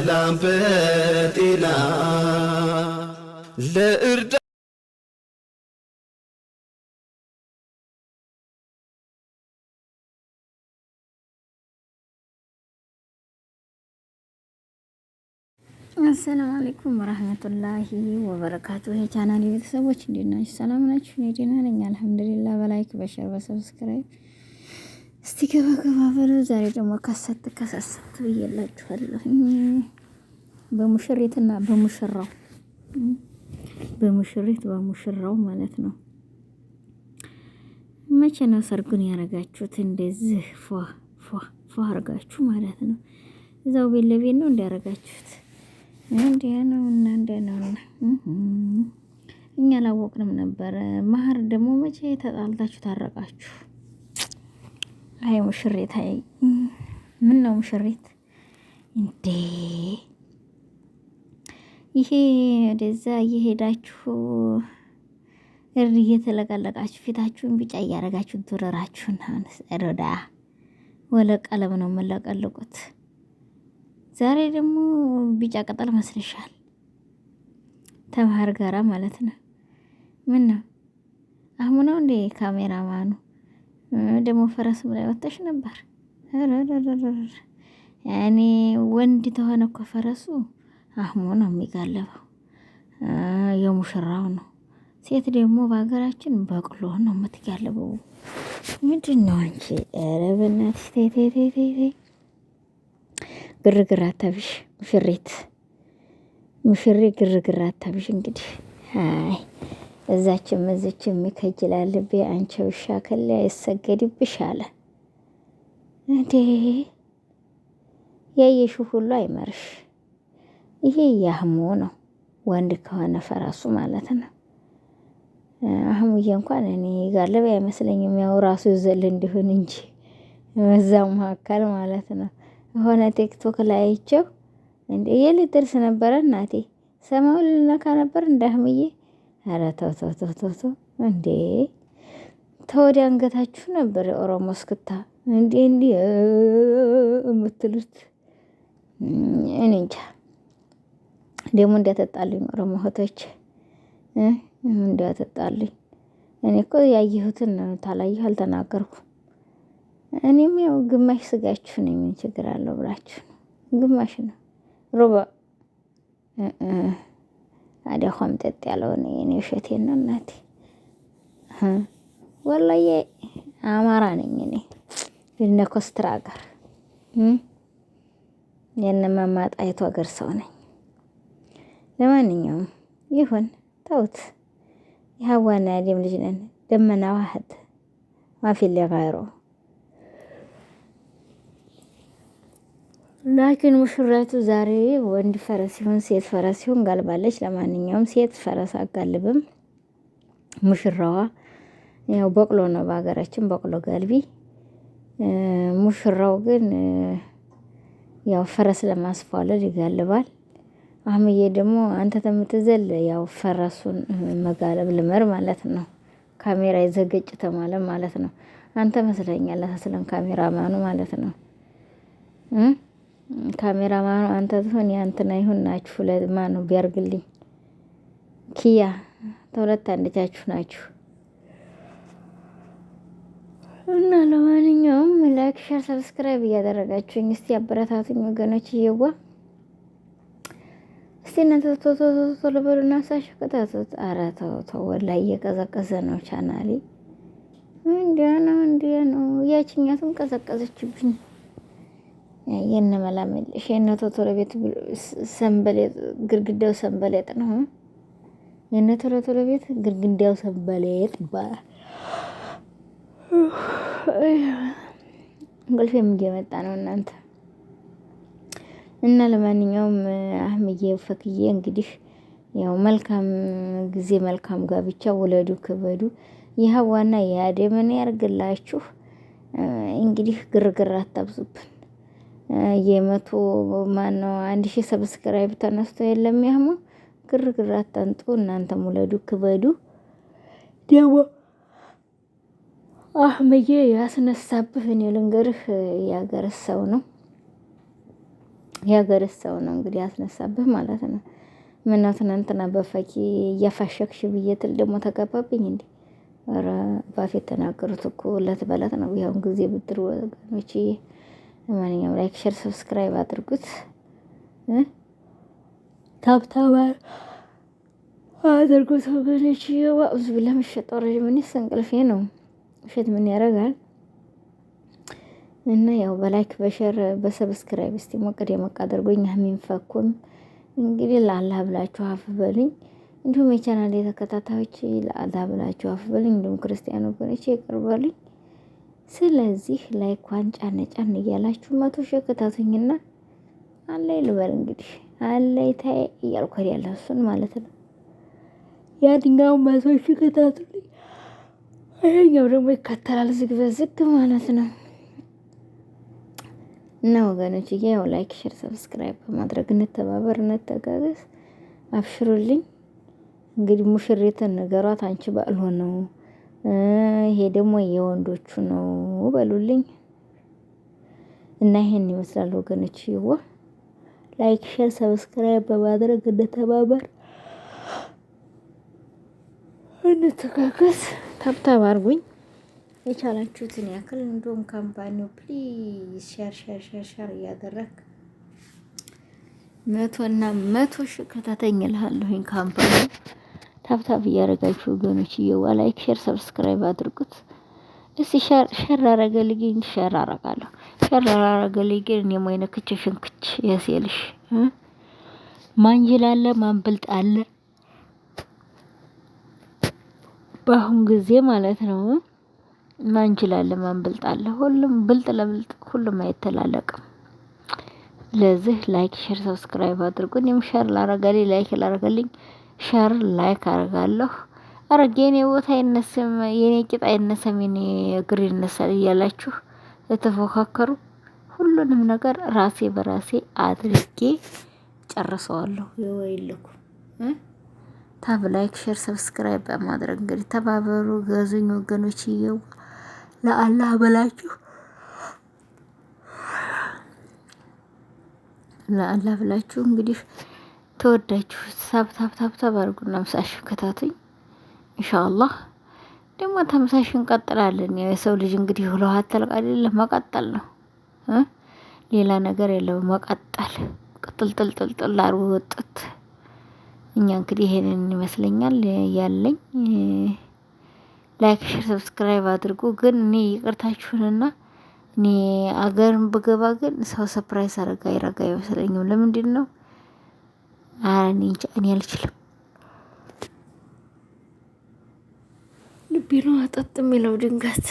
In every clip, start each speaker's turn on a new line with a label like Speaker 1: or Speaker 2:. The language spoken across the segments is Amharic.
Speaker 1: በሰላም በጤና
Speaker 2: ለእርዳ አሰላሙ አለይኩም ወራህመቱላሂ ወበረካቱ። የቻናል ቤተሰቦች እንዴት ናችሁ? ሰላም ናችሁ? እኔ ደህና ነኝ አልሐምዱሊላህ። በላይክ በሸር በሰብስክራይብ እስቲ ገባ ገባ በሉ። ዛሬ ደግሞ ከሰት ከሰሰት ብዬላችኋለሁ። በሙሽሪትና በሙሽራው በሙሽሪት በሙሽራው ማለት ነው። መቼ ነው ሰርጉን ያደረጋችሁት እንደዚህ ፏ ፏ ፏ አርጋችሁ ማለት ነው። እዛው ቤት ለቤት ነው እንዲያረጋችሁት። እንዲያ ነው እና እንዲያ ነው እና እኛ አላወቅንም ነበረ። መሀር ደግሞ መቼ ተጣልታችሁ ታረቃችሁ? አይ ሙሽሪት፣ አይ ምን ነው ሙሽሪት እንዴ! ይሄ ወደዛ እየሄዳችሁ እር እየተለቀለቃችሁ ፊታችሁን ቢጫ እያደረጋችሁ ዱረራችሁን ሮዳ ወለ ቀለም ነው የምለቀልቁት። ዛሬ ደግሞ ቢጫ ቅጠል መስልሻል፣ ተማር ጋራ ማለት ነው። ምን ነው አሁን ነው እንዴ ካሜራማኑ ደግሞ ፈረስም ላይ ወጥተሽ ነበር። ያኔ ወንድ ተሆነ እኮ ፈረሱ አህሙ ነው የሚጋለበው የሙሽራው ነው። ሴት ደግሞ በሀገራችን በቅሎ ነው የምትጋለበው። ምንድን ነው አንቺ? ኧረ በእናትሽ ተይ ተይ ተይ ተይ፣ ግርግር አታብሽ ሙሽሪት፣ ሙሽሪ ግርግር አታብሽ። እንግዲህ አይ እዛችም እዚችም የሚከጅላል ቤ አንቺ ውሻ ከለ አይሰገድብሽ አለ እንዴ ያየሽ ሁሉ አይመርሽ ይሄ ያህሙ ነው ወንድ ከሆነ ፈራሱ ማለት ነው አህሙዬ እንኳን እኔ ጋለበ አይመስለኝም ያው ራሱ ይዘል እንዲሆን እንጂ በዛ መካከል ማለት ነው የሆነ ቲክቶክ ላይ አይቼው እንዴ የልደርስ ነበረ እናቴ ሰማው ልነካ ነበር እንዳህምዬ ኧረ ተው ተው ተው ተው ተው እንዴ! ተወዲያ አንገታችሁ ነበር የኦሮሞ እስክታ እንዴ እንዲ የምትሉት። እኔ እንጃ ደግሞ እንዳያጠጣልኝ ኦሮሞ እህቶች እንዳያጠጣልኝ። እኔ እኮ ያየሁትን ታላየሁ አልተናገርኩም። እኔም ያው ግማሽ ስጋችሁ ነው የምን ችግር አለው ብላችሁ ነው ግማሽ ነው ሮባ አዲያ ሆምጠጥ ያለውን የኔ እሸቴን ነው እናቴ። ወላዬ አማራ ነኝ እኔ እነ ኮስትራ ጋር የነ ማማጣይቱ ሀገር ሰው ነኝ። ለማንኛውም ይሁን ተውት። የሀዋና ያዴም ልጅ ነን ደመና ዋህት ማፊል ጋይሮ ላኪን ሙሽራይቱ ዛሬ ወንድ ፈረስ ሲሆን ሴት ፈረስ ሲሆን ጋልባለች። ለማንኛውም ሴት ፈረስ አጋልብም። ሙሽራዋ ያው በቅሎ ነው፣ በሀገራችን በቅሎ ገልቢ። ሙሽራው ግን ያው ፈረስ ለማስፏለል ይጋልባል። አህምዬ ደግሞ አንተ ተምትዘል ያው ፈረሱን መጋለብ ልመር ማለት ነው። ካሜራ የዘገጭ ተማለ ማለት ነው። አንተ መስለኛል አሳስለን ካሜራማኑ ማለት ነው። ካሜራማኑ አንተ ትሆን ያንተና ይሁን ናችሁ። ለማን ነው ቢያርግልኝ ኪያ ተሁለት አንደቻችሁ ናችሁ። እና ለማንኛውም ላይክ፣ ሼር፣ ሰብስክራይብ እያደረጋችሁኝ እስቲ አበረታቱኝ ወገኖች እየዋ እስቲ እናንተ ቶቶቶቶ ልበሉና ሳሽ ቅጣቱት። ኧረ ተው ተው፣ እየቀዘቀዘ ነው ቻናሌ። እንዲያ ነው እንዲያ ነው። ያችኛቱን ቀዘቀዘችብኝ። የነመላመልሽ የእነ ቶቶሎ ቤት ሰንበሌጥ ግርግዳው ሰንበሌጥ ነው። የእነ ቶቶሎ ቤት ግርግዳው ሰንበሌጥ ይባላል። እንቅልፌም እየመጣ ነው እናንተ እና ለማንኛውም አህምዬ ፈክዬ እንግዲህ ያው መልካም ጊዜ መልካም ጋብቻ፣ ውለዱ ክበዱ። የሀዋና የአደምን ያርግላችሁ። እንግዲህ ግርግር አታብዙብን። የመቶ ማነው አንድ ሺህ ሰብስክራይብ ተነስቶ የለም ያህሙ ግርግር አታምጡ። እናንተ ሙለዱ ክበዱ። ደግሞ አህምዬ ያስነሳብህ እኔ ልንገርህ የሀገር ሰው ነው የሀገር ሰው ነው እንግዲህ ያስነሳብህ ማለት ነው። ምነው ትናንትና በፈኪ እያፋሸክሽ ብዬ ትል ደግሞ ተጋባብኝ እንዴ? ኧረ ባፌ የተናገሩት እኮ እለት በለት ነው። ቢሆን ጊዜ ብድር ወገኖችዬ ለማንኛውም ላይክ፣ ሼር፣ ሰብስክራይብ አድርጉት። ታብታባር አድርጉት ወገኖች። ብዙ ለመሸጠ ረዥ ምን እንቅልፌ ነው እሸት ምን ያደርጋል እና ያው በላይክ በሸር በሰብስክራይብ እስቲ ሞቅ ደሞቅ አድርጎኝ የሚንፈኩም እንግዲህ ለአላህ ብላችሁ አፍ በሉኝ። እንዲሁም የቻናል የተከታታዮች ለአላህ ብላችሁ አፍ በሉኝ። እንዲሁም ክርስቲያን ወገኖች ይቅር በሉኝ። ስለዚህ ላይኳን ጫነ ጫን እያላችሁ መቶ ሺህ ክታቱኝና አለይ ልበል እንግዲህ አለይ ታይ እያልኳል ያለ እሱን ማለት ነው። ያድኛው መቶ ሺህ ክታቱልኝ፣ ይሄኛው ደግሞ ይከተላል ዝግ በዝግ ማለት ነው። እና ወገኖች ያው ላይክ፣ ሼር፣ ሰብስክራይብ በማድረግ እንተባበር፣ እንተጋገዝ። አብሽሩልኝ እንግዲህ ሙሽሪትን ንገሯት አንቺ ባልሆነው ሆነው ይሄ ደግሞ የወንዶቹ ነው በሉልኝ። እና ይሄን ይመስላል ወገኖች። ይወ ላይክ፣ ሼር፣ ሰብስክራይብ በማድረግ እንደተባበር እንተካከስ። ታብታብ አርጉኝ የቻላችሁትን ያክል እንዲሁም ካምፓኒው ፕሊዝ ሸር ሸር ሸር ሸር እያደረግ መቶ እና መቶ ሺህ ከታተኝ እልሃለሁኝ ካምፓኒው ታብታብ እያደረጋችሁ ወገኖች እየዋ ላይክ፣ ሼር፣ ሰብስክራይብ አድርጉት። እስቲ ሸር አረገልኝ ሸር አረጋለሁ ሸር አረገልኝ ግን እኔም ወይነ ክች ሽንክች የሴልሽ ማንጅል አለ ማንብልጥ አለ በአሁን ጊዜ ማለት ነው። ማንጅል አለ ማንብልጥ አለ ሁሉም ብልጥ ለብልጥ ሁሉም አይተላለቅም። ለዚህ ላይክ ሼር ሰብስክራይብ አድርጉን። እኔም ሸር ላረገልኝ ላይክ ላረገልኝ ሸር ላይክ አደርጋለሁ። አረጌ የኔ ቦታ አይነሳም የኔ ቂጥ አይነሳም የኔ እግር ይነሳል እያላችሁ ተፎካከሩ። ሁሉንም ነገር ራሴ በራሴ አድርጌ ጨርሰዋለሁ። የወይልኩም ታብ ላይክ ሼር ሰብስክራይብ በማድረግ እንግዲህ ተባበሩ ገዙኝ ወገኖች እየው ለአላህ ብላችሁ ለአላህ ብላችሁ እንግዲህ ተወዳችሁ ሳብ ታብ ታብ ታብ አድርጉና ምሳሽ ከታተኝ ኢንሻአላህ ደግሞ ተምሳሽ እንቀጥላለን። ያው የሰው ልጅ እንግዲህ ሁሉ አተልቃ አይደለም ነው ሌላ ነገር የለው መቀጠል ቅጥልጥልጥልጥል አርቦ ወጥት። እኛ እንግዲህ ይሄንን ይመስለኛል ያለኝ። ላይክ ሼር ሰብስክራይብ አድርጉ። ግን እኔ ይቅርታችሁንና እኔ አገርን ብገባ ግን ሰው ሰፕራይዝ አረጋ ይረጋ አይመስለኝም። ለምንድን ነው እኔ እንጃ እኔ አልችልም። ልቤ ነው አጠጥ የሚለው ድንገት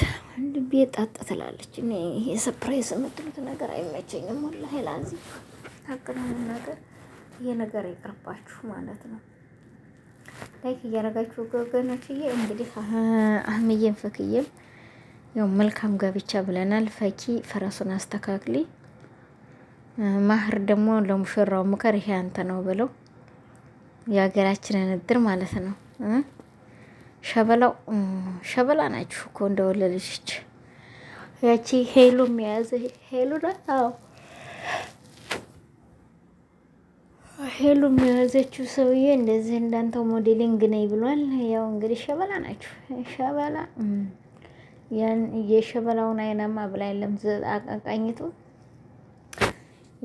Speaker 2: ልቤ ጣጥ ትላለች። እኔ ይሄ የምትሉት ነገር አይመቸኝም። ወላሂ ላዚ ታቅመሙ ነገር ይሄ ነገር ይቅርባችሁ ማለት ነው። ላይክ እያደረጋችሁ ወገኖችዬ፣ እንግዲህ አህምዬም ፈክዬም ያው መልካም ጋብቻ ብለናል። ፈኪ ፈረሱን አስተካክሌ ማህር ደግሞ ለሙሽራው ምከር፣ ይሄ አንተ ነው ብለው የሀገራችንን እድር ማለት ነው። ሸበላው ሸበላ ናችሁ እኮ እንደወለልሽች ያቺ ሄሉ የያዘ ሄሉ ነው ሄሉ የሚያዘችው ሰውዬ እንደዚህ እንዳንተው ሞዴሊንግ ነኝ ብሏል። ያው እንግዲህ ሸበላ ናችሁ። ሸበላ የሸበላውን አይናማ ብላ የለም አቃቃኝቱ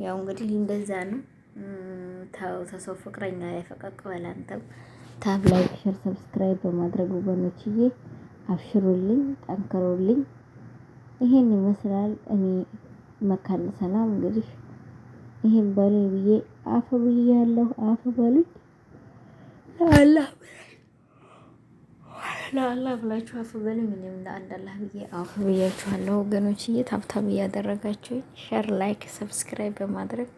Speaker 2: ያው እንግዲህ እንደዛ ነው። ተው ተሰው ፍቅረኛ ላይ ፈቀቅ ታብ ላይ ሼር ሰብስክራይብ በማድረግ ወገኖችዬ አብሽሩልኝ፣ ጠንክሩልኝ። ይሄን ይመስላል። እኔ መካነ ሰላም እንግዲህ ይሄን በሉኝ ብዬ አፍ ብያለሁ። አፍ በሉኝ አላህ ለአላህ ብላችሁ አፍ በሉኝ። እኔም ለአንድ አላህ ብዬ አፍ ብያችኋለሁ ወገኖችዬ። ታብታብ እያደረጋችሁ ሸር፣ ላይክ፣ ሰብስክራይብ በማድረግ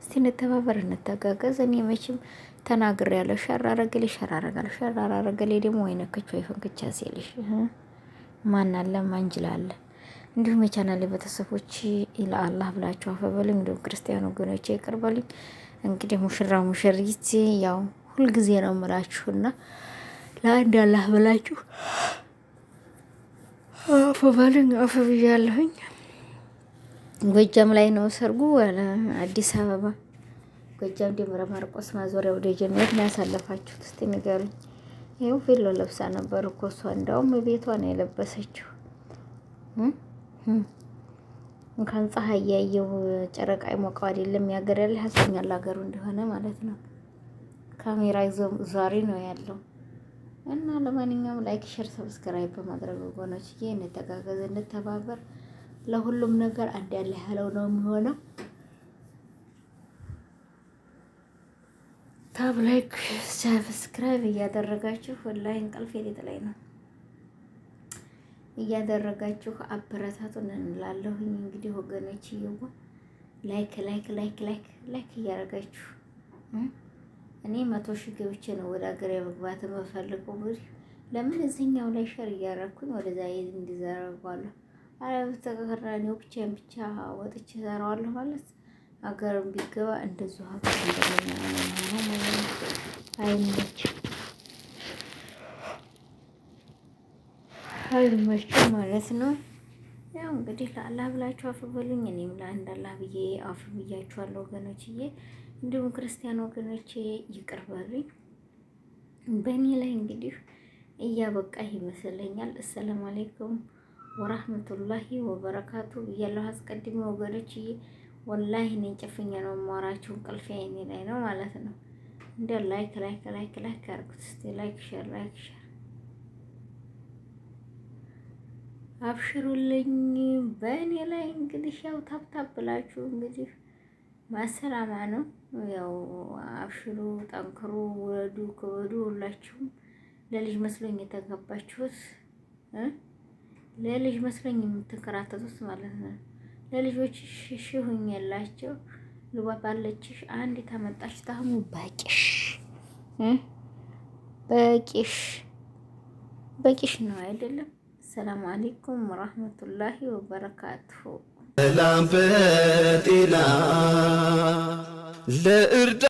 Speaker 2: እስቲ እንተባበር፣ እንተጋገዝ። እኔ መቼም ተናግር ያለው ሸር አረገሌ ሸር አረጋል ሸር አረገሌ ደግሞ ወይነከች ወይ ፈንክቻ ሲልሽ ማን አለ ማን ይችላል? እንዲሁም የቻናሌ ቤተሰቦች ለአላህ ብላችሁ አፍ በሉኝ። እንዲሁም ክርስቲያን ወገኖቼ ይቅር በሉኝ። እንግዲህ ሙሽራ ሙሽሪት ያው ሁልጊዜ ነው የምላችሁና ለአንድ አላህ ብላችሁ አፈ በሉኝ። አፈ ብያለሁኝ። ጎጃም ላይ ነው ሰርጉ፣ አዲስ አበባ ጎጃም ደብረ ማርቆስ ማዞሪያ ወደ ጀመት ነው ያሳለፋችሁት? እስቲ ንገሩኝ። ይኸው ቬሎ ለብሳ ነበር እኮ እሷ እንዳውም ቤቷ ነው የለበሰችው። እንኳን ፀሐይ እያየው ጨረቃ ይሞቀው አይደለም ያገር ያለ ያሰኛል ሀገሩ እንደሆነ ማለት ነው። ካሜራ ይዞ ዛሬ ነው ያለው እና ለማንኛውም ላይክ፣ ሼር፣ ሰብስክራይብ በማድረግ ወገኖች ወገኖችዬ እንተጋገዝ፣ እንተባበር። ለሁሉም ነገር አንድ ያለ ያለው ነው የሚሆነው። ታብ ላይክ፣ ሰብስክራይብ እያደረጋችሁ ወላሂ እንቅልፍ የሌጥ ላይ ነው እያደረጋችሁ አበረታቱን እንላለሁኝ። እንግዲህ ወገኖች ወገኖችዬ ላይክ ላይክ ላይክ ላይክ ላይክ እያደረጋችሁ እኔ መቶ ሺህ ገብቼ ነው ወደ ሀገር መግባት የምፈልገው። እንግዲህ ለምን እዚህኛው ላይ ሸር እያረኩኝ ወደዛ እንዲዘረጓለሁ አለበተቀራኔው ብቻዬን ብቻ ወጥቼ እሰራዋለሁ ማለት ሀገርም ቢገባ እንደዙ ሀገር አይመች አይመች ማለት ነው። ያው እንግዲህ ለአላህ ብላችሁ አፍ በሉኝ። እኔም ለአንድ አላህ ብዬ አፍ ብያችኋለሁ ወገኖችዬ። እንዲሁም ክርስቲያን ወገኖቼ ይቅር በእኔ ላይ እንግዲህ እያበቃ ይመስለኛል። አሰላሙ አሌይኩም ወራህመቱላሂ ወበረካቱ እያለሁ አስቀድሜ ወገኖችዬ፣ ወላሂ እኔ ጨፍኛ ነው የማወራችሁ፣ እንቅልፌ እኔ ላይ ነው ማለት ነው። እንደ ላይክ ላይክ ላይክ ላይክ አድርጉት እስኪ ላይክ ሸር ላይክ ሸር አብሽሩልኝ። በእኔ ላይ እንግዲህ ያው ታብታብላችሁ እንግዲህ ማሰላማ ነው። ያው አብሽሩ፣ ጠንክሩ፣ ውለዱ፣ ክበዱ። ሁላችሁም ለልጅ መስሎኝ የተጋባችሁት ለልጅ መስሎኝ የምትከራተቱት ማለት ነው። ለልጆች ሽሽ ሁኝ ያላቸው ልቧ ባለችሽ አንድ ታመጣሽ ታሙ በቂሽ በቂሽ በቂሽ ነው አይደለም። ሰላም አለይኩም ወራህመቱላሂ ወበረካቱሁ። ሰላም በጤና ለእርዳ